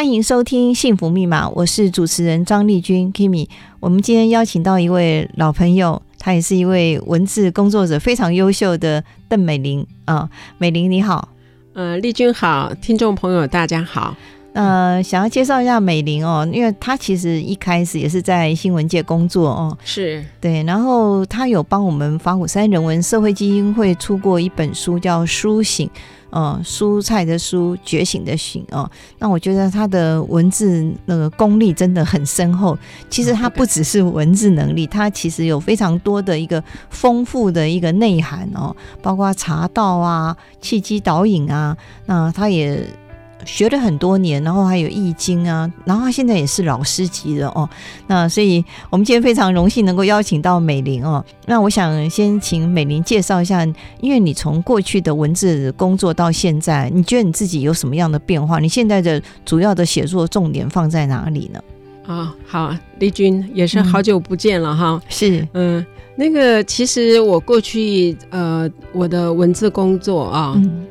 歡迎收聽《幸福密碼》，我是主持人張麗君 Kimi。我們今天邀請到一位老朋友，他也是一位文字工作者，非常優秀的鄧美玲啊，嗯，美玲你好，呃，麗君好，聽眾朋友大家好。呃，想要介紹一下美玲哦，因為她其實一開始也是在新聞界工作哦，是對，然後她有幫我們法鼓山人文社會基金會出過一本書，叫《甦醒》哦，呃，蔬菜的甦，覺醒的醒哦，那我覺得她的文字那個功力真的很深厚。其實她不只是文字能力，她其實有非常多的一個豐富的一個內涵哦，包括茶道啊、氣機導引啊，那她也，學了很多年，然後還有易經啊，然後他現在也是老師級的哦。那所以我們今天非常榮幸能夠邀請到美玲哦。那我想先請美玲介紹一下，因為你從過去的文字工作到現在，你覺得你自己有什麼樣的變化？你現在的主要的寫作重點放在哪裡呢？啊、哦，好，麗君也是好久不見了哈。嗯、是，嗯，那個其實我過去呃我的文字工作啊。嗯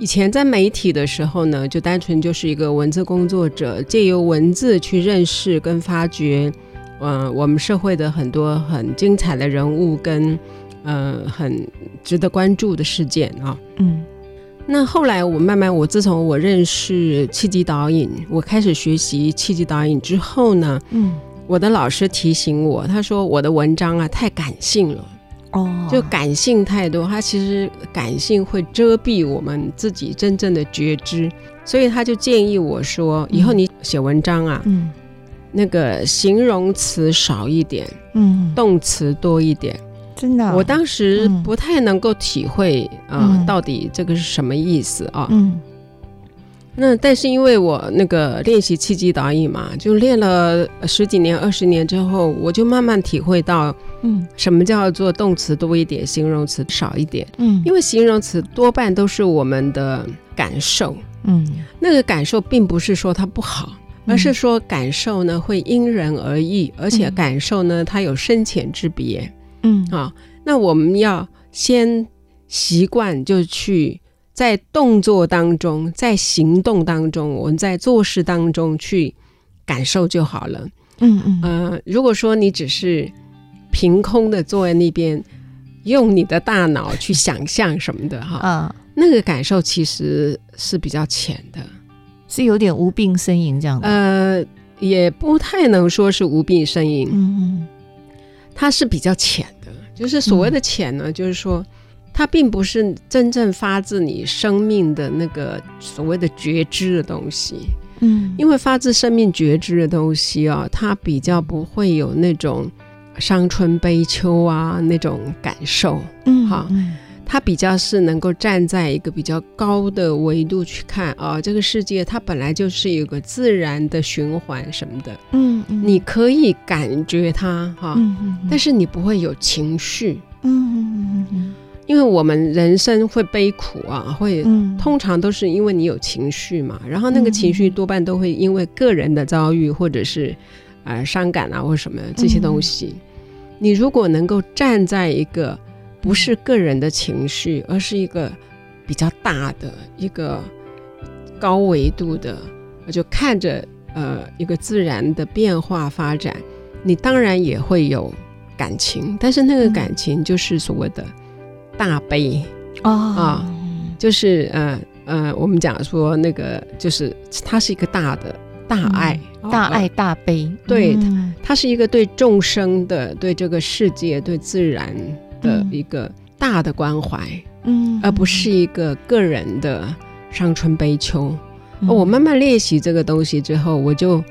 以前在媒體的時候呢，就單純就是一個文字工作者，借由文字去認識跟發掘，嗯、呃，我們社會的很多很精彩的人物跟，呃，很值得關注的事件啊。嗯。那後來我慢慢，我自從我認識氣機導引，我開始學習氣機導引之後呢，嗯，我的老師提醒我，他說我的文章啊太感性了。哦，oh. 就感性太多，他其實感性會遮蔽我們自己真正的覺知，所以他就建議我說，嗯，以後你寫文章啊，嗯，那個形容詞少一點，嗯，動詞多一點，真的，我當時不太能夠體會啊，到底這個是什麼意思啊？嗯。那但是因為我那個練習氣機導引嘛，就練了十幾年，二十年之後，我就慢慢體會到，嗯，什麼叫做動詞多一點，形容詞少一點，嗯，因為形容詞多半都是我們的感受，嗯，那個感受並不是說它不好，嗯、而是說感受呢會因人而異，而且感受呢它有深淺之別，嗯啊，那我們要先習慣就去。在動作當中，在行動當中，我們在做事當中去感受就好了。嗯嗯、呃，如果說你只是憑空的坐在那邊，用你的大腦去想象什麼的，哈， 那個感受其實是比較淺的，是有點無病呻吟這樣。呃，也不太能說是無病呻吟，嗯，它是比較淺的，就是所謂的淺呢，嗯、就是說。它並不是真正發自你生命的那個所謂的覺知的東西，嗯，因為發自生命覺知的東西啊，它比較不會有那種傷春悲秋啊那種感受，嗯，嗯，哈、啊，它比較是能夠站在一個比較高的維度去看啊，這個世界它本來就是一個自然的循環什麼的，嗯嗯，你可以感覺它，哈、啊，嗯嗯嗯，但是你不會有情緒，嗯嗯嗯嗯。因為我們人生會悲苦啊，會、嗯、通常都是因為你有情緒嘛，然後那個情緒多半都會因為個人的遭遇、嗯、或者是，呃，傷感啊或什麼這些東西。嗯、你如果能夠站在一個不是個人的情緒，嗯、而是一個比較大的一個高維度的，就看着呃一個自然的變化發展，你當然也會有感情，但是那個感情就是所謂的。嗯嗯大悲，哦、啊，就是呃呃，我們講說那個，就是它是一個大的大愛，嗯哦、大愛大悲，呃嗯、對，它是一個對眾生的、對這個世界、對自然的一個大的關懷，嗯，而不是一個個人的傷春悲秋。嗯、我慢慢練習這個東西之後，我就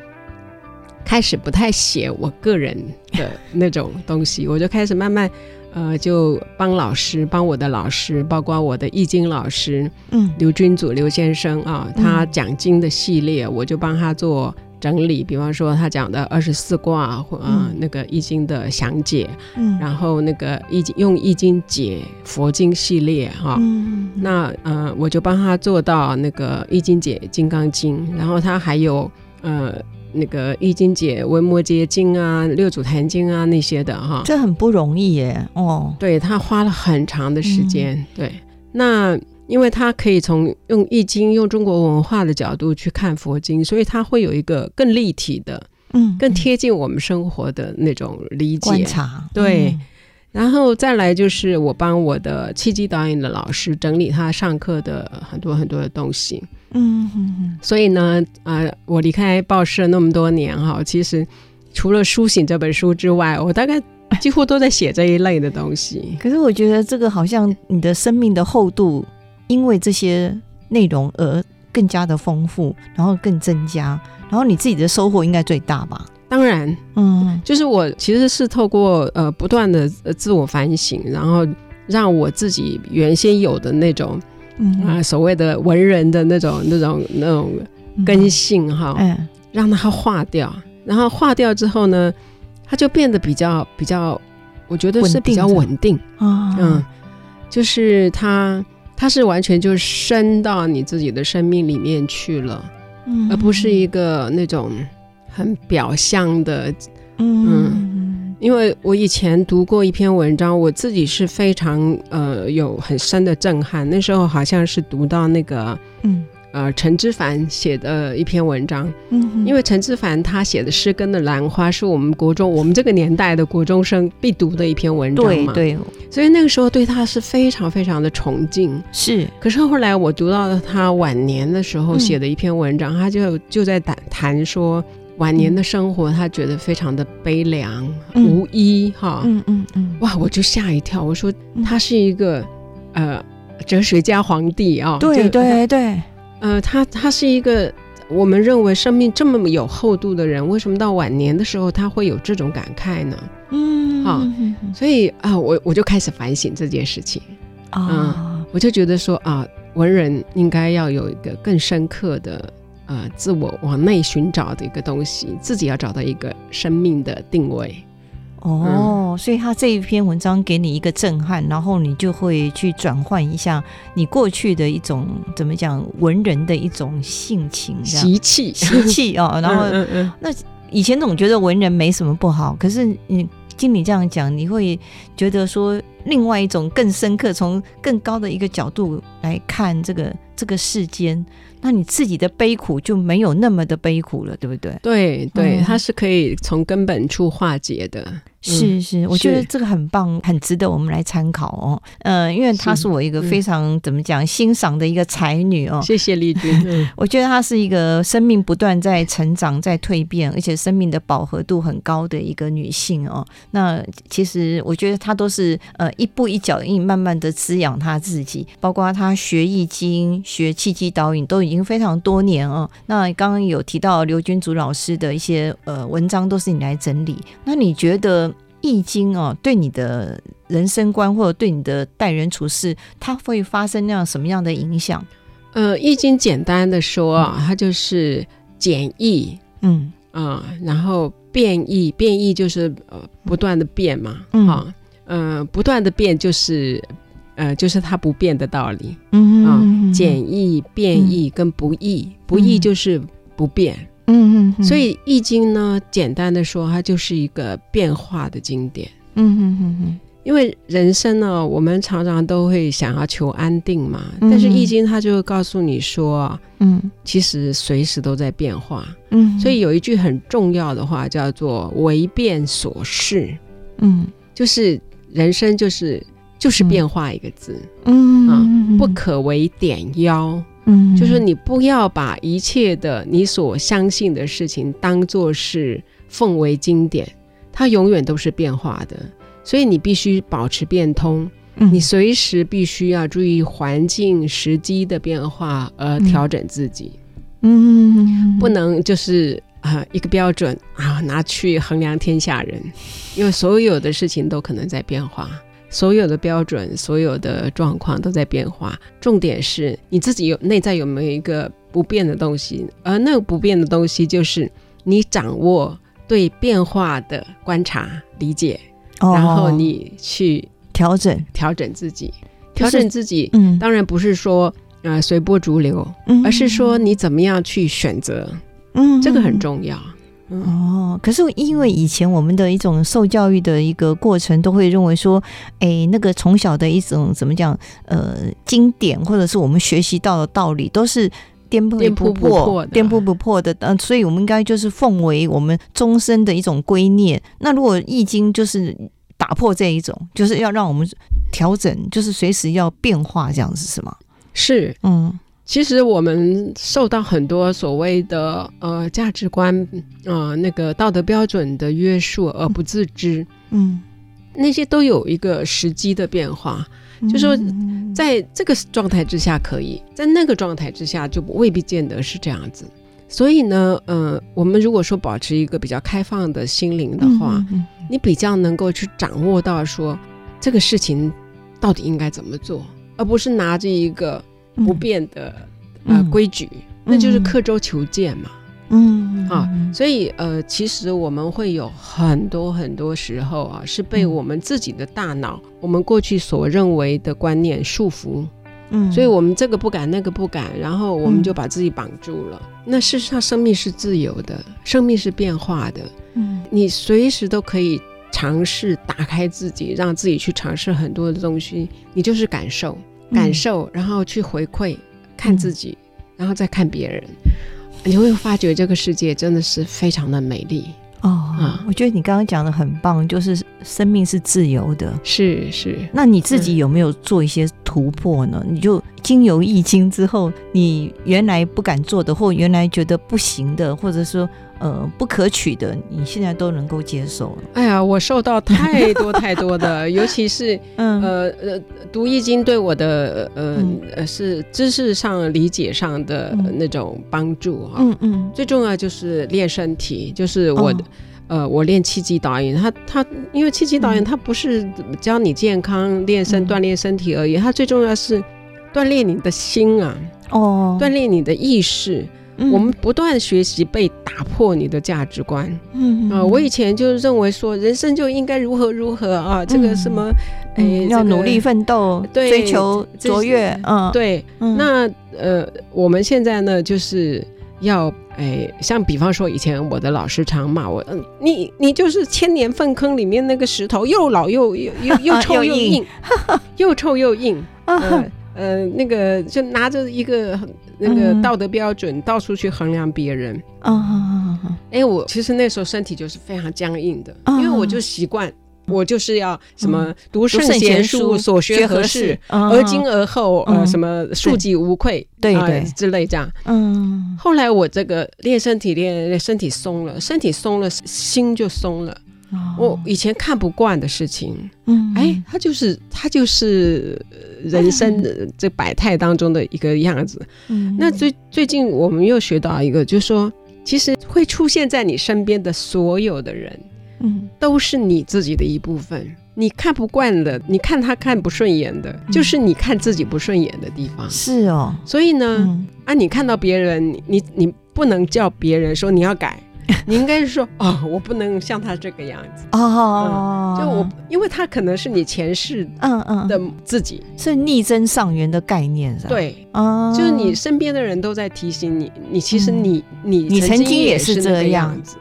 開始不太寫我個人的那種東西， 我就開始慢慢。呃，就幫老師，幫我的老師，包括我的易經老師，嗯，劉君祖劉先生啊，嗯、他講經的系列，我就幫他做整理。比方說他講的二十四卦，呃嗯、那個易經的詳解，嗯，然後那個易經用易經解佛經系列哈、啊，嗯，那呃，我就幫他做到那個易經解金剛經，然後他還有呃。那個《易經》解、《維摩詰經》啊，《六祖壇經》啊那些的哈，這很不容易耶，哦，對，他花了很長的時間，嗯、對，那因為他可以從用《易經》用中國文化的角度去看佛經，所以他會有一個更立體的，嗯，更貼近我們生活的那種理解。觀察，對，嗯、然後再來就是我幫我的氣機導引的老師整理他上課的很多很多的東西。嗯哼哼，所以呢，呃，我離開報社那麼多年哈，其實除了《書醒》這本書之外，我大概幾乎都在寫這一類的東西。可是我覺得這個好像你的生命的厚度，因為這些內容而更加的豐富，然後更增加，然後你自己的收穫應該最大吧？當然，嗯，就是我其實是透過呃不斷的自我反省，然後讓我自己原先有的那種。嗯、啊，所謂的文人的那種、那種、那種根性哈，讓它化掉，然後化掉之後呢，它就變得比較、比較，我覺得是比較穩定啊，定哦、嗯，就是它它是完全就深到你自己的生命裡面去了，嗯、而不是一個那種很表象的，嗯。嗯因為我以前讀過一篇文章，我自己是非常呃有很深的震撼。那時候好像是讀到那個，嗯，呃，陳之藩寫的一篇文章。嗯哼，因為陳之藩他寫的《失根的蘭花》是我們國中我們這個年代的國中生必讀的一篇文章嘛，對對。對，所以那個時候對他是非常非常的崇敬。是，可是後來我讀到了他晚年的時候寫的一篇文章，嗯、他就就在談談說。晚年的生活，他覺得非常的悲涼，嗯、無依哈。嗯嗯嗯，嗯嗯哇，我就嚇一跳。我說他是一個、嗯、呃哲學家皇帝啊、哦對就。對對對，呃，他他是一個我們認為生命這麼有厚度的人，為什麼到晚年的時候他會有這種感慨呢？嗯，哈。嗯、所以啊、呃，我我就開始反省這件事情啊、哦嗯，我就覺得說啊、呃，文人應該要有一個更深刻的。呃，自我往內尋找的一個東西，自己要找到一個生命的定位。哦，嗯、所以他這一篇文章給你一個震撼，然後你就會去轉換一下你過去的一種怎麼講，文人的一種性情、習氣、習氣哦。然後， 嗯嗯嗯那以前總覺得文人沒什麼不好，可是你。經你這樣講，你會覺得說，另外一種更深刻、從更高的一個角度來看這個這個世間，那你自己的悲苦就沒有那麼的悲苦了，對不對？對對，它、嗯、是可以從根本處化解的。嗯、是是，我覺得這個很棒，是很值得我們來參考哦。呃，因為她是我一個非常、嗯、怎麼講欣賞的一個才女哦。謝謝麗君， 我覺得她是一個生命不斷在成長、在蛻變，而且生命的飽和度很高的一個女性哦。那其實我覺得她都是呃一步一腳印，慢慢的滋養她自己。包括她學易經、學氣機導引，都已經非常多年哦。那剛剛有提到劉君祖老師的一些呃文章，都是你來整理。那你覺得？易經哦，對你的人生觀或者對你的待人處事，它會發生那樣什麼樣的影響？呃，易經簡單的說啊，它就是簡易，嗯啊、呃，然後變易，變易就是不斷的變嘛，嗯、啊，嗯、呃，不斷的變就是呃，就是它不變的道理，嗯哼嗯哼，啊，簡易、變易跟不易，嗯、不易就是不變。嗯嗯，所以《易經》呢，簡單的說，它就是一個變化的經典。嗯嗯嗯嗯，因為人生呢，我們常常都會想要求安定嘛，嗯、哼但是《易經》它就會告訴你說，嗯，其實隨時都在變化。嗯哼，所以有一句很重要的話叫做“為變所事」，嗯，就是人生就是就是變化一個字。嗯，嗯不可為點妖。就是你不要把一切的你所相信的事情當做是奉為經典，它永遠都是變化的，所以你必須保持變通，嗯、你隨時必須要注意環境、時機的變化而調整自己，嗯，不能就是啊、呃、一個標準啊拿去衡量天下人，因為所有的事情都可能在變化。所有的標準，所有的狀況都在變化。重點是，你自己有內在有沒有一個不變的東西？而、呃、那個不變的東西，就是你掌握對變化的觀察、理解，然後你去，哦、調整、調整自己，就是，調整自己。嗯，當然不是說呃隨波逐流，嗯、哼而是說你怎麼樣去選擇。嗯哼，這個很重要。哦，可是因為以前我們的一種受教育的一個過程，都會認為說，哎，那個從小的一種怎麼講，呃，經典或者是我們學習到的道理，都是顛撲不破、顛撲不破的，嗯、呃，所以我們應該就是奉為我們終身的一種觀念。那如果《易經》就是打破這一種，就是要讓我們調整，就是隨時要變化，這樣子是嗎？是，嗯。其實我們受到很多所謂的呃價值觀，呃那個道德標準的約束而不自知，嗯，那些都有一個時機的變化，就是說在這個狀態之下可以，在那個狀態之下就未必見得是這樣子。所以呢，呃，我們如果說保持一個比較開放的心靈的話，嗯，你比較能夠去掌握到說這個事情到底應該怎麼做，而不是拿着一個。嗯、不變的呃規矩，嗯、那就是刻舟求劍嘛。嗯啊，所以呃，其實我們會有很多很多時候啊，是被我們自己的大腦，嗯、我們過去所認為的觀念束縛。嗯，所以我們這個不敢，那個不敢，然後我們就把自己綁住了。嗯、那事實上，生命是自由的，生命是變化的。嗯，你隨時都可以嘗試打開自己，讓自己去嘗試很多的東西，你就是感受。感受，然後去回饋，嗯，看自己，然後再看別人，你會發覺這個世界真的是非常的美麗哦。嗯，我覺得你剛剛講的很棒，就是生命是自由的，是是。是那你自己有沒有做一些突破呢？嗯，你就。經由易經之後，你原來不敢做的，或原來覺得不行的，或者說呃不可取的，你現在都能夠接受了。哎呀，我受到太多太多的， 尤其是、嗯、呃呃讀易經對我的呃呃、嗯、是知識上、理解上的那種幫助嗯嗯，啊、嗯嗯最重要就是練身體，就是我、哦、呃我練氣機導引，他他因為氣機導引他、嗯、不是教你健康、練身、嗯、鍛鍊身體而已，他最重要是。鍛鍊你的心啊，哦，鍛鍊你的意識。我們不斷學習，被打破你的價值觀。嗯，我以前就認為說，人生就應該如何如何啊，這個什麼，要努力奮鬥，追求卓越。嗯，對。那呃，我們現在呢，就是要哎，像比方說，以前我的老師常罵我，嗯，你你就是千年糞坑裡面那個石頭，又老又又又又臭又硬，又臭又硬。呃，那個就拿着一個那個道德標準、嗯、到處去衡量別人哦，哎、嗯，我其實那時候身體就是非常僵硬的，嗯、因為我就習慣我就是要什麼讀、嗯、讀聖賢書，所學何事，嗯、而今而後，嗯、呃，什麼庶幾無愧，對，呃、對對之類這樣。嗯，後來我這個練身體練，練身體鬆了，身體鬆了，心就鬆了。Oh, 我以前看不慣的事情，嗯，哎，他就是他就是人生的這百態當中的一個樣子，嗯，那最最近我們又學到一個，就是說，其實會出現在你身邊的所有的人，嗯，都是你自己的一部分。你看不慣的，你看他看不順眼的，就是你看自己不順眼的地方。嗯、所以，是哦，所以呢，嗯、啊，你看到別人，你你不能叫別人說你要改。 你應該是說啊、哦，我不能像他這個樣子哦、嗯、哦就我，因為他可能是你前世嗯嗯的自己，是逆增上緣的概念，對，哦、就是你身邊的人都在提醒你，你其實你、嗯、你曾你曾經也是這個樣子，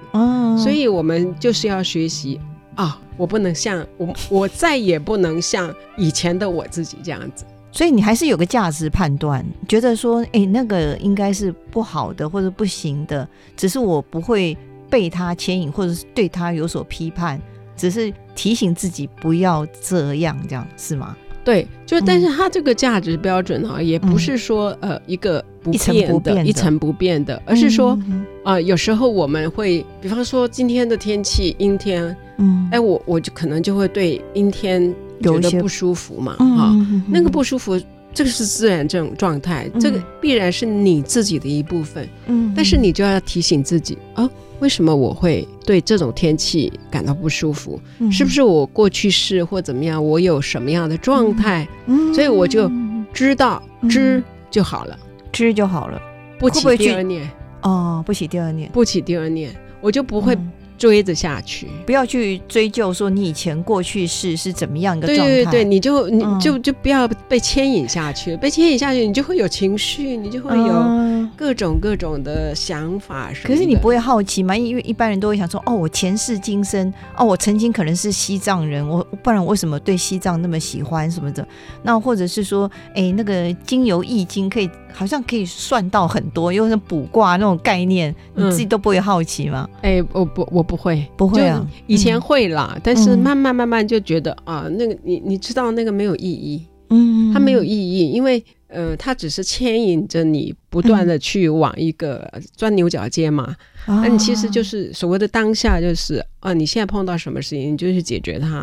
所以我們就是要學習啊、哦哦哦，我不能像我我再也不能像以前的我自己這樣子。所以你還是有個價值判斷，覺得說，哎、欸，那個應該是不好的或者不行的，只是我不會被它牽引，或者是對它有所批判，只是提醒自己不要這樣，這樣是嗎？對，就但是它這個價值標準哈、啊，嗯、也不是說、嗯、呃一個不變的、一成不變的一成不變的，而是說啊、嗯呃，有時候我們會，比方說今天的天氣陰天，嗯，哎，我我就可能就會對陰天。有的不舒服嘛？哈，那個不舒服，這個是自然這種狀態，這個必然是你自己的一部分。嗯，但是你就要提醒自己啊，為什麼我會對這種天氣感到不舒服？是不是我過去世或怎麼樣？我有什麼樣的狀態？嗯，所以我就知道知就好了，知就好了，不起第二念。哦，不起第二念，不起第二念，我就不會。追着下去，不要去追究說你以前過去世是怎麼樣一個狀態。對對對，你就你就、嗯、就不要被牽引下去，被牽引下去你就會有情緒，你就會有各種各種的想法。嗯、是是，可是你不會好奇嗎？因為一般人都會想說：“哦，我前世今生，哦，我曾經可能是西藏人，我不然我為什麼對西藏那麼喜歡什麼的？”那或者是說：“哎，那個《經由易經》可以好像可以算到很多，因為那卜卦那種概念，嗯、你自己都不會好奇嗎？”哎，我不我。不會，不會了。以前會啦，但是慢慢慢慢就覺得啊，那個你你知道那個沒有意義，嗯，它沒有意義，因為呃，它只是牽引着你不斷的去往一個鑽牛角尖嘛。那你其實就是所謂的當下，就是啊，你現在碰到什麼事情，你就去解決它，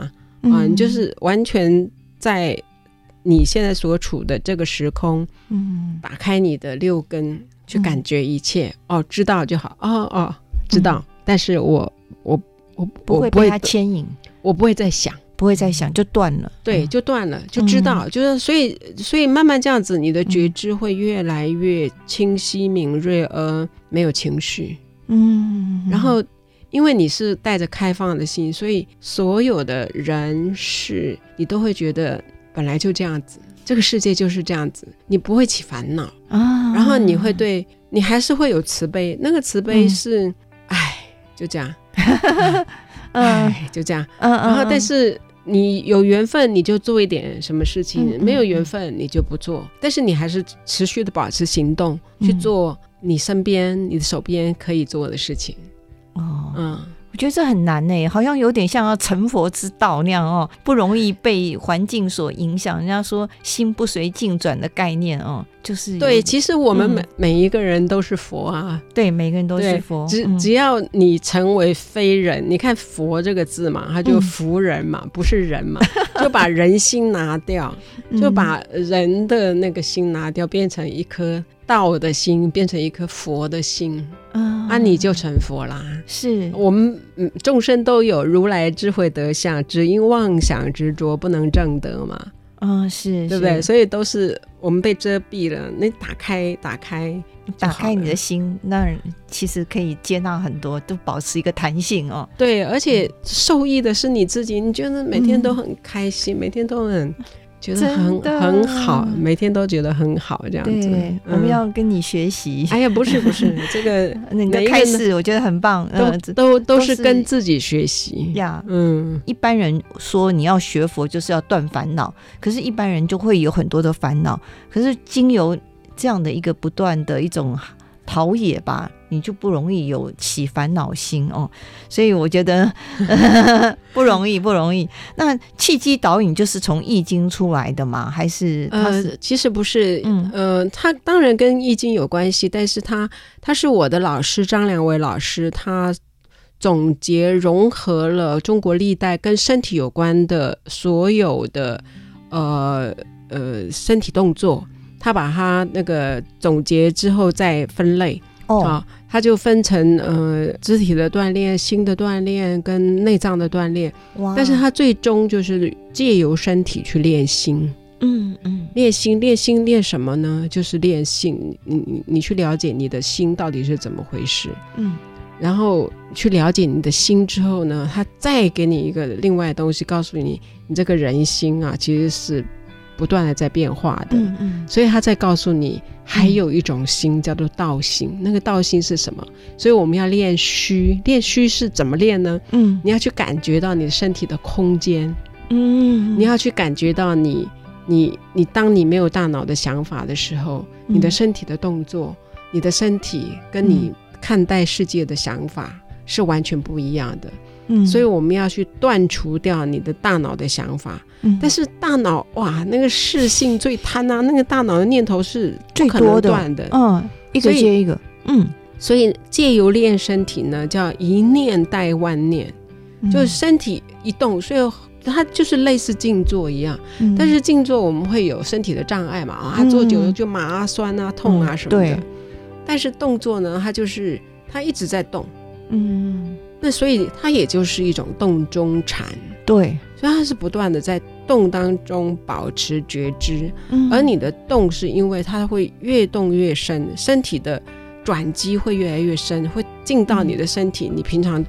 啊，你就是完全在你現在所處的這個時空，嗯，打開你的六根去感覺一切，哦，知道就好，哦哦，知道。但是我我我不會被它牽引，我不會再想，不會再想，就斷了。對，嗯、就斷了，就知道，嗯、就是所以所以慢慢這樣子，你的覺知會越來越清晰敏銳，而沒有情緒。嗯，然後因為你是帶着開放的心，所以所有的人事你都會覺得本來就這樣子，這個世界就是這樣子，你不會起煩惱啊。嗯、然後你會對你還是會有慈悲，那個慈悲是。嗯就這樣，嗯， 嗯唉就這樣。嗯、然後，但是你有緣分，你就做一點什麼事情；嗯嗯嗯，沒有緣分，你就不做。但是你還是持續的保持行動，嗯、去做你身邊、你的手邊可以做的事情。哦，嗯。嗯我覺得這很難呢、欸，好像有點像要成佛之道那樣哦、喔，不容易被環境所影響。人家說“心不隨境轉”的概念哦、喔，就是對。其實我們每、嗯、每一個人都是佛啊，對，每個人都是佛。只、嗯、只要你成為非人，你看“佛”這個字嘛，它就“弗人”嘛，嗯、不是人嘛，就把人心拿掉， 就把人的那個心拿掉，變成一顆。道的心變成一顆佛的心，哦、啊，那你就成佛啦。是我們眾、嗯、生都有如來智慧德相，只因妄想執着不能證得嘛。嗯、哦，是，對不對？是所以都是我們被遮蔽了。你打開，打開，打開你的心，那其實可以接納很多，都保持一個彈性哦。對，而且受益的是你自己，嗯、你覺得每天都很開心，嗯、每天都很。覺得很的很好，每天都覺得很好，這樣子。對嗯、我們要跟你學習。哎呀，不是不是， 這個那個開始我覺得很棒， 都都都是跟自己學習呀。Yeah. 嗯，一般人說，你要學佛就是要斷煩惱，可是一般人就會有很多的煩惱。可是經由這樣的一個不斷的一種。陶冶吧，你就不容易有起煩惱心哦，所以我覺得 不容易，不容易。那氣機導引就是從易經出來的嗎？還是，他是、呃？其實不是，嗯，呃，他當然跟易經有關係，嗯、但是他他是我的老師張良偉老師，他總結融合了中國歷代跟身體有關的所有的呃呃身體動作。他把他那個總結之後再分類，哦、oh. 啊，他就分成呃肢體的鍛鍊、心的鍛鍊跟內臟的鍛鍊。Wow. 但是他最終就是借由身體去練心，嗯嗯，嗯練心練心練什麼呢？就是練性，你你你去了解你的心到底是怎麼回事，嗯，然後去了解你的心之後呢，他再給你一個另外東西，告訴你你這個人心啊其實是。不斷的在變化的，嗯嗯、所以他在告訴你，還有一種心、嗯、叫做道心。那個道心是什麼？所以我們要練虛，練虛是怎麼練呢？嗯，你要去感覺到你的身體的空間，嗯，你要去感覺到你，你，你當你沒有大腦的想法的時候，你的身體的動作，嗯、你的身體跟你看待世界的想法。嗯是完全不一樣的，嗯，所以我們要去斷除掉你的大腦的想法，嗯、但是大腦哇，那個視性最貪啊， 那個大腦的念頭是不可能斷的，最多的，嗯、哦，一個接一個，所以，嗯，所以借由練身體呢，叫一念帶萬念，嗯、就是身體一動，所以它就是類似靜坐一樣，嗯、但是靜坐我們會有身體的障礙嘛，啊，坐久了就，就麻啊、酸啊、痛啊什麼的，嗯、對，但是動作呢，它就是它一直在動。嗯，那所以它也就是一種動中禪。對，所以它是不斷的在動當中保持覺知，嗯、而你的動是因為它會越動越深，身體的轉機會越來越深，會進到你的身體，嗯、你平常完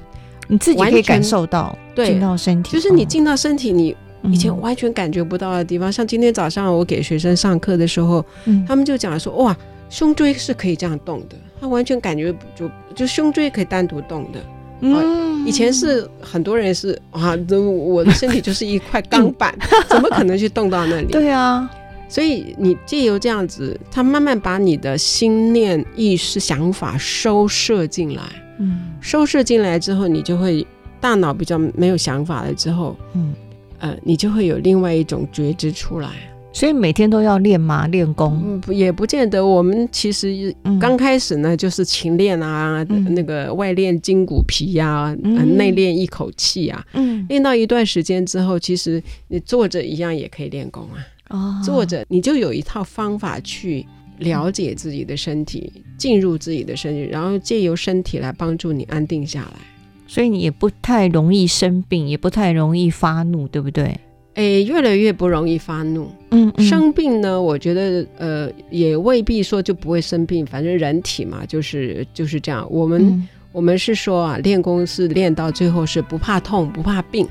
全你自己可以感受到，進到身體，就是你進到身體，你以前完全感覺不到的地方，嗯、像今天早上我給學生上課的時候，嗯、他們就講說，哇，胸椎是可以這樣動的，他完全感覺就。就胸椎可以單獨動的，嗯，以前是很多人是啊，我的身體就是一塊鋼板， 怎麼可能去動到那裡？ 對啊，所以你借由這樣子，他慢慢把你的心念意識想法收攝進來，嗯，收攝進來之後，你就會大腦比較沒有想法了之後，嗯，呃，你就會有另外一種覺知出來。所以每天都要練嘛，練功，嗯，不，也不見得。我們其實剛開始呢，嗯、就是勤練啊、嗯呃，那個外練筋骨皮呀、啊嗯呃，內練一口氣啊。嗯，練到一段時間之後，其實你坐着一樣也可以練功啊。哦，坐着你就有一套方法去了解自己的身體，嗯、進入自己的身體，然後借由身體來幫助你安定下來。所以你也不太容易生病，也不太容易發怒，對不對？哎、欸，越來越不容易發怒。嗯，嗯，生病呢，我覺得呃，也未必說就不會生病。反正人體嘛，就是就是這樣。我們、嗯、我們是說啊，練功是練到最後是不怕痛，不怕病。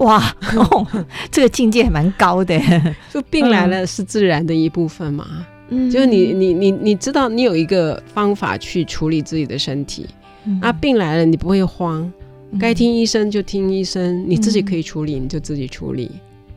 哇、 哦，這個境界還蠻高的。就病來了是自然的一部分嘛。嗯，就是你你你你知道，你有一個方法去處理自己的身體。嗯、啊，病來了你不會慌，嗯、該聽醫生就聽醫生，嗯、你自己可以處理你就自己處理。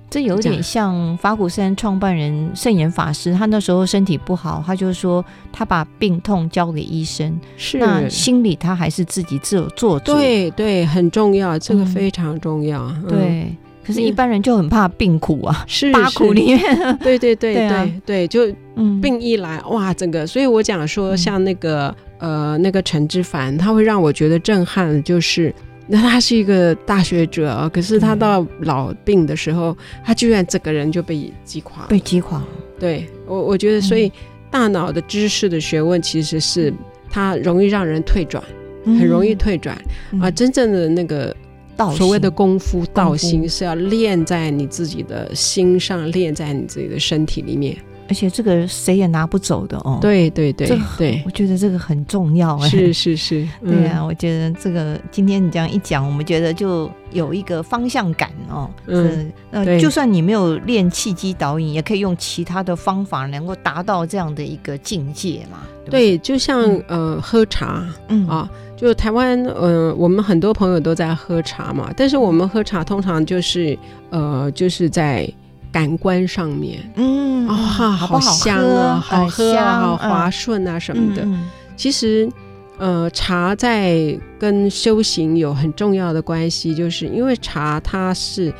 這有點像法鼓山創辦人聖嚴法師，樣他那時候身體不好，他就說他把病痛交給醫生，是那心裡他還是自己自有做主。對對，很重要，嗯、這個非常重要。嗯、對，可是，一般人就很怕病苦啊，是啊、嗯，苦裡面。是是對對對， 對、啊、對對對，就病一來哇，整個。所以我講說，像那個、嗯、呃那個陳之凡，他會讓我覺得震撼就是。那他是一個大學者啊，可是他到老病的時候，嗯、他居然整個人就被擊垮，被擊垮。對我，我覺得，所以大腦的知識的學問，其實是它容易讓人退轉，嗯、很容易退轉啊。嗯、真正的那個道，所謂的功夫道心是要練在你自己的心上，練在你自己的身體裡面。而且這個誰也拿不走的哦。對對對對，這對我覺得這個很重要哎。是是是，嗯、對啊，我覺得這個今天你這樣一講，我們覺得就有一個方向感哦。嗯，呃、對就算你沒有練氣機導引，也可以用其他的方法，能夠達到這樣的一個境界嘛？對，對，對，就像、嗯、呃喝茶、嗯、啊，就台灣呃，我們很多朋友都在喝茶嘛，但是我們喝茶通常就是呃就是在。感官上面，嗯啊，好，好，好香啊，好喝啊，好滑順啊，嗯嗯、什麼的。其實，呃，茶在跟修行有很重要的關係，就是因為茶它是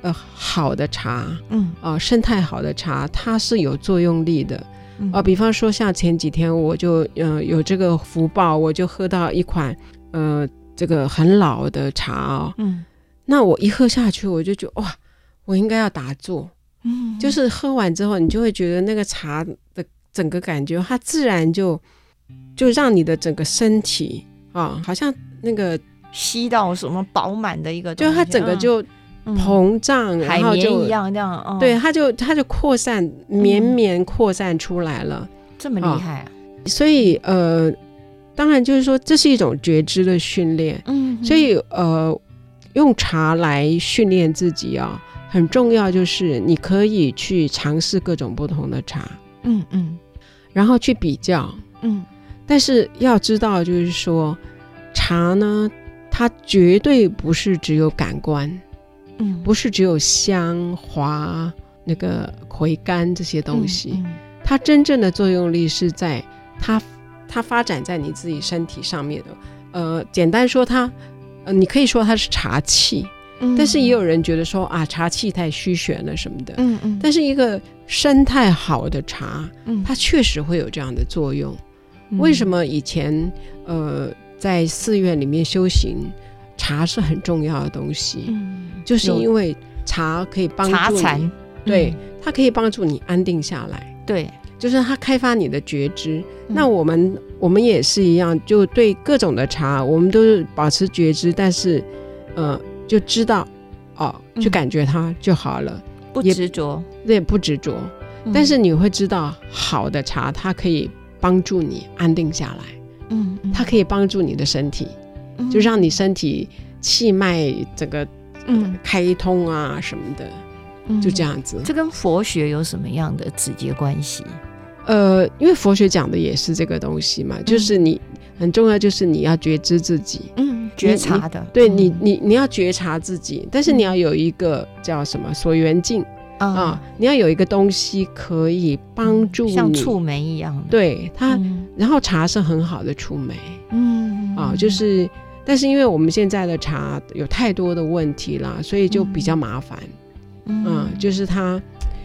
呃好的茶，嗯、呃、啊，生態好的茶，它是有作用力的。啊、呃，比方說像前幾天我就嗯、呃、有這個福報，我就喝到一款呃這個很老的茶哦，嗯，那我一喝下去，我就覺得哇，我應該要打坐。嗯，就是喝完之後，你就會覺得那個茶的整個感覺，它自然就就讓你的整個身體啊，好像那個吸到什麼飽滿的一個，就它整個就膨脹，海綿一樣這樣。嗯、對，它就它就擴散，綿綿擴散出來了，嗯、這麼厲害啊！啊所以呃，當然就是說這是一種覺知的訓練，嗯哼，所以呃，用茶來訓練自己啊。很重要，就是你可以去嘗試各種不同的茶，嗯嗯，嗯然後去比較，嗯，但是要知道就是說茶呢，它絕對不是只有感官，嗯，不是只有香滑、那個回甘這些東西，嗯嗯、它真正的作用力是在它它發展在你自己身體上面的，呃，簡單說它，呃，你可以說它是茶氣。但是也有人覺得說啊，茶氣太虛玄了什麼的。嗯嗯。嗯，但是一個生態好的茶，嗯、它確實會有這樣的作用。嗯、為什麼以前呃在寺院裡面修行，茶是很重要的東西，嗯、就是因為茶可以幫助你，茶對，它可以幫助你安定下來。對、嗯，就是它開發你的覺知。嗯、那我們我們也是一樣，就對各種的茶，我們都是保持覺知，但是呃。就知道，哦，就感覺它就好了，嗯、不執着，那也對不執着，嗯、但是你會知道，好的茶它可以幫助你安定下來，嗯，嗯，它可以幫助你的身體，嗯、就讓你身體氣脈整個，嗯、呃，開通啊什麼的，嗯、就這樣子，嗯。這跟佛學有什麼樣的直接關係？呃，因為佛學講的也是這個東西嘛，就是你。嗯很重要就是你要覺知自己，嗯，覺察的，你你對、嗯、你，你你，你要覺察自己，但是你要有一個叫什麼？所緣境啊，你要有一個東西可以幫助你，嗯、像觸媒一樣，對它，嗯、然後茶是很好的觸媒，嗯啊，就是，但是因為我們現在的茶有太多的問題啦，所以就比較麻煩，嗯，嗯、啊，就是它。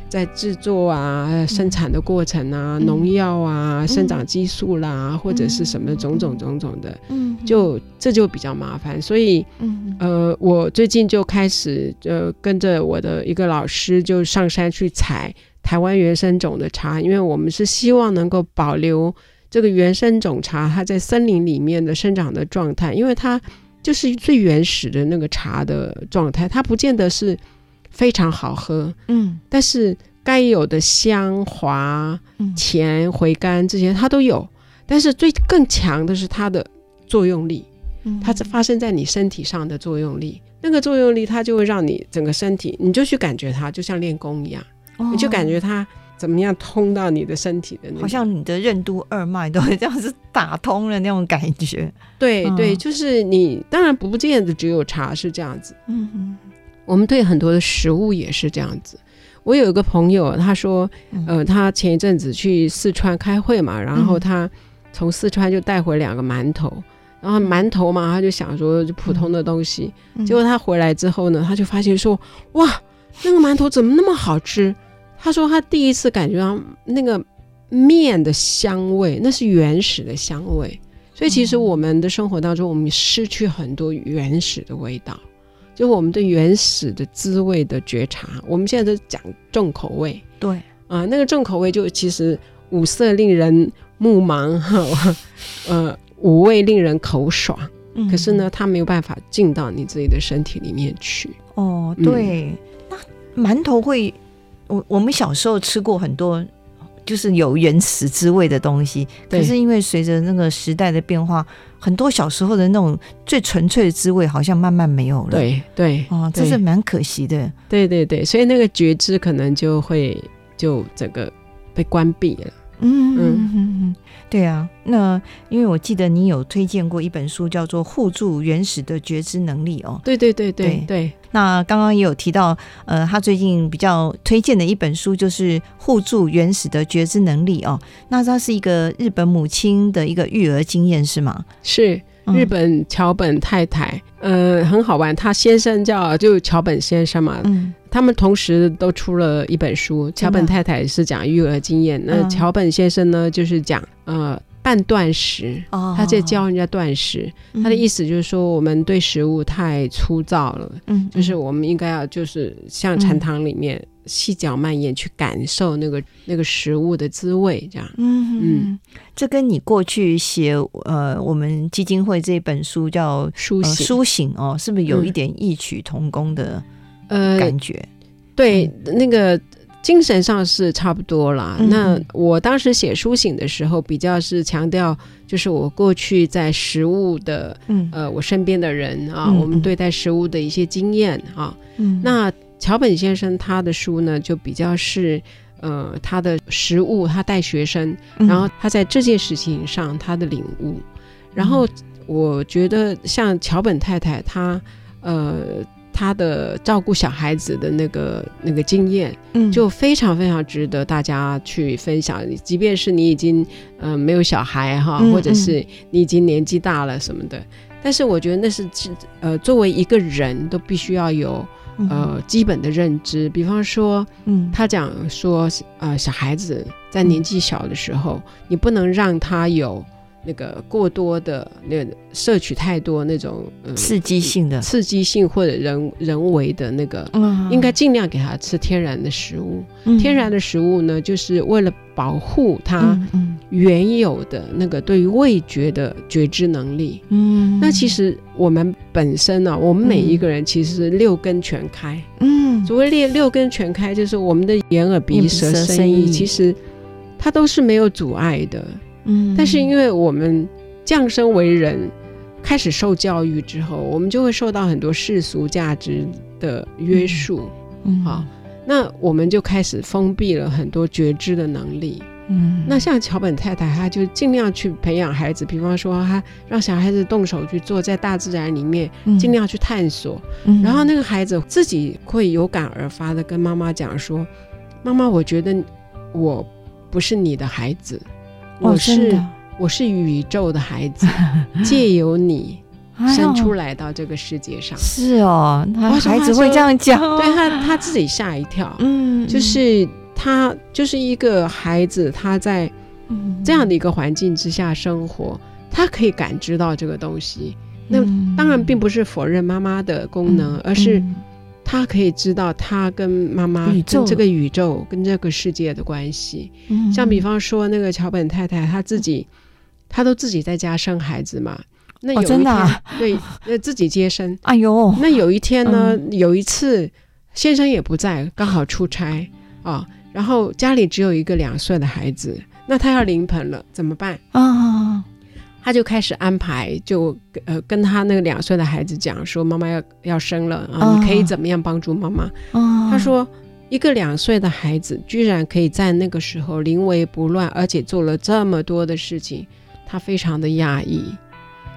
在制作啊、生產的過程啊、農藥、嗯、啊、嗯、生長激素啦，嗯、或者是什麼種種種種的，嗯，就這就比較麻煩。所以，嗯，呃，我最近就開始呃跟着我的一個老師，就上山去採台灣原生種的茶，因為我們是希望能夠保留這個原生種茶它在森林裡面的生長的狀態，因為它就是最原始的那個茶的狀態，它不見得是。非常好喝，嗯，但是該有的香、滑、甜、回甘這些它都有，嗯、但是最更強的是它的作用力，嗯、它發生在你身體上的作用力，那個作用力它就會讓你整個身體，你就去感覺它，就像練功一樣，哦、你就感覺它怎麼樣通到你的身體的、那個，好像你的任督二脈都會這樣子打通了那種感覺。嗯、對對，就是你當然不見得只有茶是這樣子，嗯嗯。嗯我們對很多的食物也是這樣子。我有一個朋友，他說，呃，他前一陣子去四川開會嘛，然後他從四川就帶回兩個饅頭，嗯、然後饅頭嘛，他就想說就普通的東西，嗯、結果他回來之後呢，他就發現說，哇，那個饅頭怎麼那麼好吃？他說他第一次感覺到那個麵的香味，那是原始的香味。所以其實我們的生活當中，嗯、我們失去很多原始的味道。就是我們對原始的滋味的覺察，我們現在都講重口味，對啊、呃，那個重口味就其實五色令人目盲哈，呃，五味令人口爽，嗯、可是呢，它沒有辦法進到你自己的身體裡面去。哦，對，嗯、那饅頭會，我我們小時候吃過很多。就是有原始滋味的東西，可是因為隨着那個時代的變化，對很多小時候的那種最純粹的滋味好像慢慢沒有了。對對，對啊，這是蠻可惜的。對對對，所以那個覺知可能就會就整個被關閉了。嗯嗯嗯，嗯對啊，那因為我記得你有推薦過一本書，叫做《互助原始的覺知能力》哦。對對對對對，對。那剛剛也有提到，呃，他最近比較推薦的一本書就是《互助原始的覺知能力》哦。那它是一個日本母親的一個育兒經驗，是嗎？是。日本橋本太太，嗯、呃，很好玩。她先生叫就橋本先生嘛，他、嗯、們同時都出了一本書。橋本太太是講育兒經驗，的那橋本先生呢，嗯、就是講呃。半斷食，哦，他在教人家斷食。嗯、他的意思就是說，我們對食物太粗糙了，嗯，就是我們應該要，就是像禪堂裡面細嚼慢嚥去感受那個、嗯、那個食物的滋味，這樣。嗯嗯，這、嗯、跟你過去寫呃，我們基金會這本書叫《甦醒》呃，甦醒哦，是不是有一點異曲同工的呃感覺？嗯呃、對，嗯、那個。精神上是差不多啦。嗯嗯，那我當時寫《甦醒》的時候，比較是強調，就是我過去在食物的，嗯、呃，我身邊的人啊，嗯嗯，我們對待食物的一些經驗啊。嗯嗯，那橋本先生他的書呢，就比較是，呃，他的食物，他帶學生，然後他在這件事情上他的領悟。嗯嗯，然後我覺得像橋本太太，她，呃。嗯他的照顧小孩子的那個那個經驗，嗯，就非常非常值得大家去分享。即便是你已經，呃，沒有小孩哈，嗯嗯、或者是你已經年紀大了什麼的，但是我覺得那是，呃，作為一個人都必須要有，嗯、呃，基本的認知。比方說，嗯，他講說，呃，小孩子在年紀小的時候，嗯、你不能讓他有。那個過多的那，攝取太多那種、呃、刺激性的刺激性或者人人為的那個，嗯啊、應該盡量給他吃天然的食物。嗯、天然的食物呢，就是為了保護他原有的那個對於味覺的覺知能力。嗯，那其實我們本身呢、啊，我們每一個人其實是六根全開。嗯，所謂六六根全開，就是我們的眼、耳、鼻、舌、身、意，意其實它都是沒有阻礙的。但是因為我們降生為人，嗯、開始受教育之後，我們就會受到很多世俗價值的約束，嗯，嗯好，那我們就開始封閉了很多覺知的能力，嗯，那像橋本太太，她就盡量去培養孩子，比方說，她讓小孩子動手去做，在大自然裡面、嗯、盡量去探索，嗯、然後那個孩子自己會有感而發的跟媽媽講說：“嗯、媽媽，我覺得我不是你的孩子。”我是、哦、我是宇宙的孩子，借 由你生出來到這個世界上。是哦有，他孩子會這樣講，對他他自己嚇一跳。嗯，就是他就是一個孩子，他在這樣的一個環境之下生活，他可以感知到這個東西。那、嗯、當然並不是否認媽媽的功能，嗯、而是。嗯他可以知道他跟媽媽、跟這個宇宙、宇宙跟這個世界的關係。嗯嗯像比方說那個橋本太太，她自己，她都自己在家生孩子嘛。那有一天、哦、真的啊、對，那自己接生。哎呦喲，那有一天呢，嗯、有一次先生也不在，剛好出差啊、哦，然後家裡只有一個兩歲的孩子，那他要臨盆了，怎麼辦？啊。他就開始安排，就呃跟他那個兩歲的孩子講說，媽媽要要生了啊，哦、你可以怎麼樣幫助媽媽？哦、他說，一個兩歲的孩子居然可以在那個時候臨危不亂，而且做了這麼多的事情，他非常的訝異。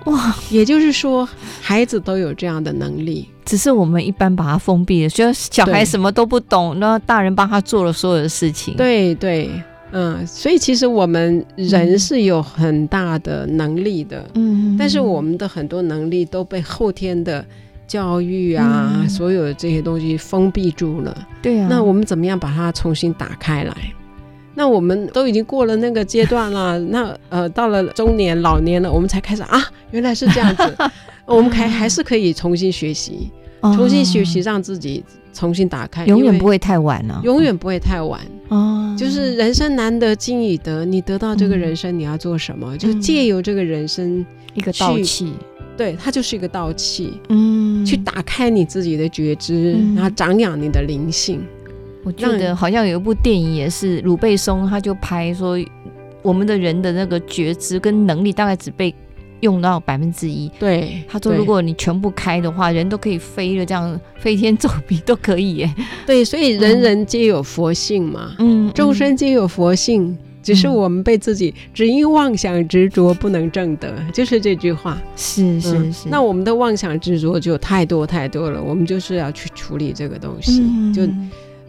哇，也就是說，孩子都有這樣的能力，只是我們一般把他封閉了，覺得小孩什麼都不懂，對那大人幫他做了所有的事情。對對。對嗯，所以其實我們人是有很大的能力的，嗯，但是我們的很多能力都被後天的教育啊，嗯、所有這些東西封閉住了。對呀、啊，那我們怎麼樣把它重新打開來？那我們都已經過了那個階段了， 那呃，到了中年、老年了，我們才開始啊，原來是這樣子， 我們還還是可以重新學習，哦、重新學習，讓自己。重新打開，因為永遠不會太晚了，嗯、永遠不會太晚。哦、嗯，就是人生難得今已得，你得到這個人生，你要做什麼？嗯、就借由這個人生一個道器，對，它就是一個道器。嗯，去打開你自己的覺知，然後長養你的靈性。嗯、我覺得好像有一部電影也是魯貝松，他就拍說，我們的人的那個覺知跟能力大概只被。用到百分之一，對他說，如果你全部開的話，對人都可以飛了，這樣飛天走壁都可以耶。對，所以人人皆有佛性嘛，嗯，眾生皆有佛性，嗯、只是我們被自己只因妄想執着不能證得，嗯、就是這句話。是是是、嗯，是是那我們的妄想執着就太多太多了，我們就是要去處理這個東西，嗯、就。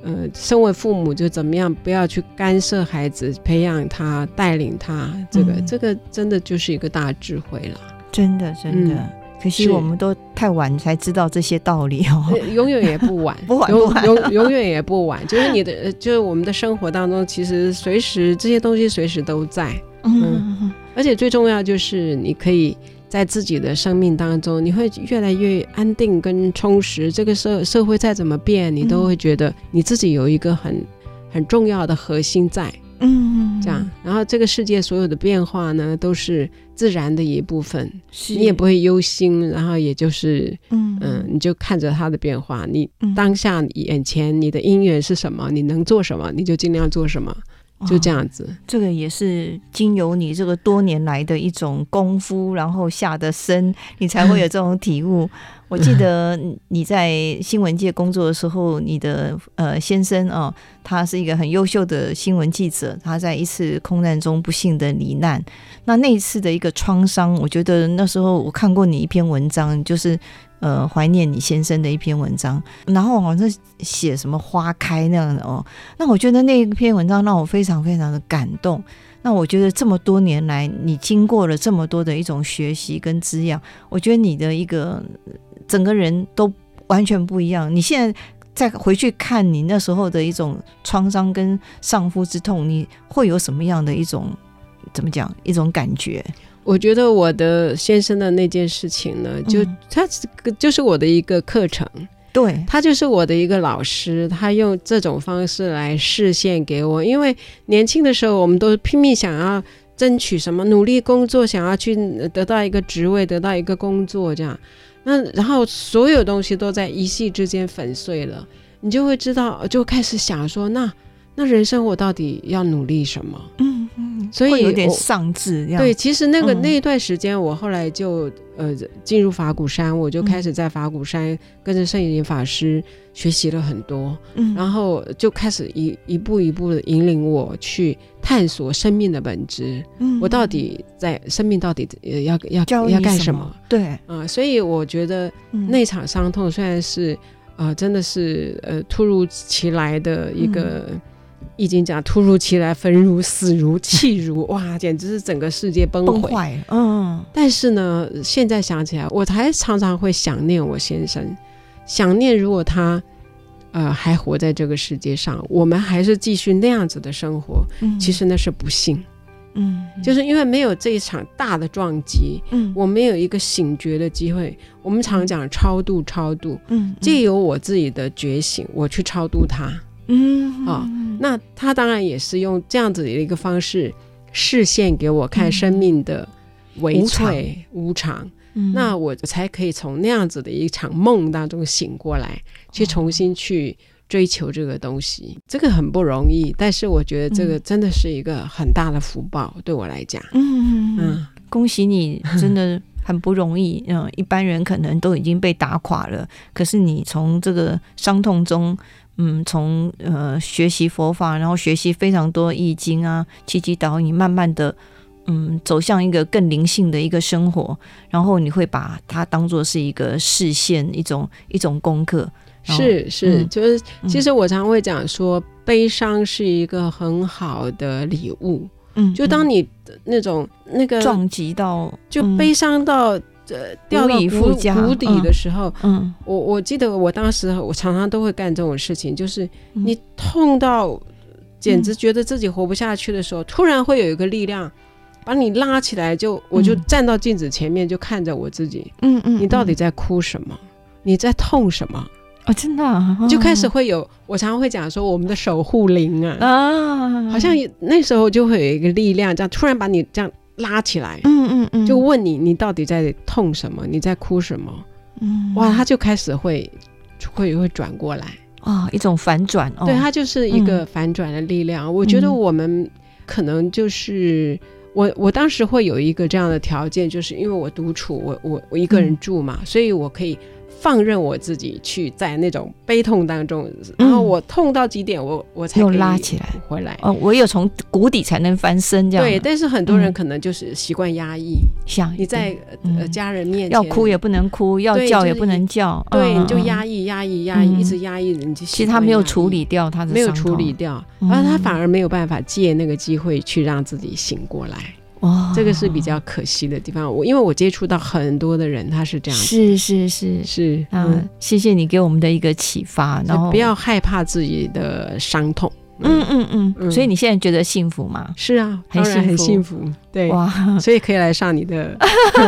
呃，身為父母就怎麼樣，不要去干涉孩子，嗯、培養他，帶領他，這個、嗯、這個真的就是一個大智慧了，真的真的。嗯、可惜我們都太晚才知道這些道理哦，呃、永遠也不晚，永 永遠也不晚。就是你的，就是我們的生活當中，其實隨時這些東西隨時都在，嗯，嗯嗯嗯，而且最重要就是你可以。在自己的生命當中，你會越來越安定跟充實。這個社社會再怎麼變，你都會覺得你自己有一個很很重要的核心在，嗯，這樣。然後這個世界所有的變化呢，都是自然的一部分，是你也不會憂心。然後也就是，嗯、呃、嗯，你就看着它的變化。你當下眼前你的因緣是什麼？你能做什麼？你就盡量做什麼。就這樣子，這個也是經由你這個多年來的一種功夫，然後下的深，你才會有這種體悟。 我記得你在新聞界工作的時候，你的呃先生啊，他是一個很優秀的新聞記者，他在一次空難中不幸的罹難。那那次的一個創傷，我覺得那時候我看過你一篇文章，就是。呃，懷念你先生的一篇文章，然後好像寫什麼花開那樣的哦。那我覺得那一篇文章讓我非常非常的感動。那我覺得這麼多年來，你經過了這麼多的一種學習跟滋養，我覺得你的一個整個人都完全不一樣。你現在再回去看你那時候的一種創傷跟喪夫之痛，你會有什麼樣的一種怎麼講一種感覺？我覺得我的先生的那件事情呢，就、嗯、他就是我的一個課程，對，他就是我的一個老師，他用這種方式來示現給我。因為年輕的時候，我們都拼命想要爭取什麼，努力工作，想要去得到一個職位，得到一個工作，這樣，那然後所有東西都在一夕之間粉碎了，你就會知道，就開始想說那。那人生我到底要努力什麼？嗯嗯，所以有點喪志。對，其實那個那一段時間，我後來就呃進入法鼓山，我就開始在法鼓山跟着聖嚴法師學習了很多，然後就開始一一步一步的引領我去探索生命的本質。嗯，我到底在生命到底要要要幹什麼？對，啊，所以我覺得那場傷痛雖然是啊，真的是呃突如其來的一個。易經講突如其來，焚如死如棄如 哇，簡直是整個世界崩潰。嗯，嗯，但是呢，現在想起來，我才常常會想念我先生，想念如果他呃還活在這個世界上，我們還是繼續那樣子的生活。嗯，嗯，其實那是不幸。嗯，嗯，就是因為沒有這一場大的撞擊，嗯，我沒有一個醒覺的機會。嗯、我們常講超度，超度。嗯，嗯，借由我自己的覺醒，我去超度他。嗯啊、哦，那他當然也是用這樣子的一個方式示現給我看生命的無常，嗯，無常，無常嗯、那我才可以從那樣子的一場夢當中醒過來，嗯、去重新去追求這個東西，哦、這個很不容易。但是我覺得這個真的是一個很大的福報，嗯、對我來講。嗯嗯，嗯恭喜你，呵真的很不容易。嗯，一般人可能都已經被打垮了，可是你從這個傷痛中。嗯，從呃學習佛法，然後學習非常多易經啊、氣機導引，你慢慢的嗯走向一個更靈性的一個生活，然後你會把它當做是一個試煉，一種一種功課。是是，是嗯、就是其實我常常會講說，嗯、悲傷是一個很好的禮物。嗯，就當你那種、嗯、那種那個撞擊到，就悲傷到。嗯這掉到谷以谷底的時候，嗯，嗯我我記得我當時我常常都會幹這種事情，就是你痛到簡直覺得自己活不下去的時候，嗯、突然會有一個力量把你拉起來就，就、嗯、我就站到鏡子前面就看着我自己，嗯嗯，你到底在哭什麼？嗯、你在痛什麼？啊、嗯哦，真的、啊，啊、就開始會有，我常常會講說我們的守護靈啊啊，好像那時候就會有一個力量，這樣突然把你這樣。拉起來，嗯嗯嗯，嗯嗯就問你，你到底在痛什麼？你在哭什麼？嗯、哇，他就開始會，會會轉過來哦，一種反轉，哦、對，他就是一個反轉的力量。嗯、我覺得我們可能就是我，我當時會有一個這樣的條件，就是因為我獨處，我我我一個人住嘛，嗯、所以我可以。放任我自己去在那種悲痛當中，嗯、然後我痛到極點我，我我才又拉起來回來哦，我有從谷底才能翻身這樣。對，但是很多人可能就是習慣壓抑，想、嗯、你在、呃嗯、家人面前要哭也不能哭，要叫也不能叫，對，就是嗯、你就壓抑、壓抑、嗯、壓抑，一直壓抑，你就其實他沒有處理掉他的傷，沒有處理掉，然後他反而沒有辦法借那個機會去讓自己醒過來。這個是比較可惜的地方。我因為我接觸到很多的人，他是這樣，是是是是嗯，謝謝你給我們的一個啟發。然後不要害怕自己的傷痛，嗯嗯嗯。所以你現在覺得幸福嗎？是啊，當然很幸福。對哇，所以可以來上你的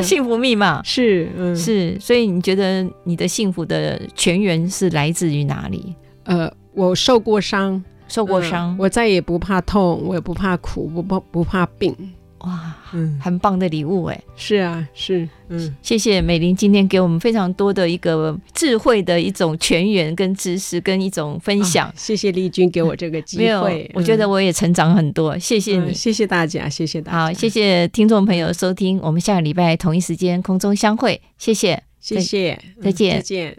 幸福密碼。是，是。所以你覺得你的幸福的泉源是來自於哪裡？呃，我受過傷，受過傷，我再也不怕痛，我也不怕苦，不怕不怕病。哇，嗯，很棒的禮物哎、欸嗯，是啊，是，嗯，謝謝美玲今天給我們非常多的一個智慧的一種泉源跟知識跟一種分享、啊，謝謝麗君給我這個機會，嗯嗯、我覺得我也成長很多，謝謝你，嗯、謝謝大家，謝謝大家，好，謝謝聽眾朋友收聽，我們下個禮拜同一時間空中相會，謝謝，謝謝再見、嗯，再見，再見。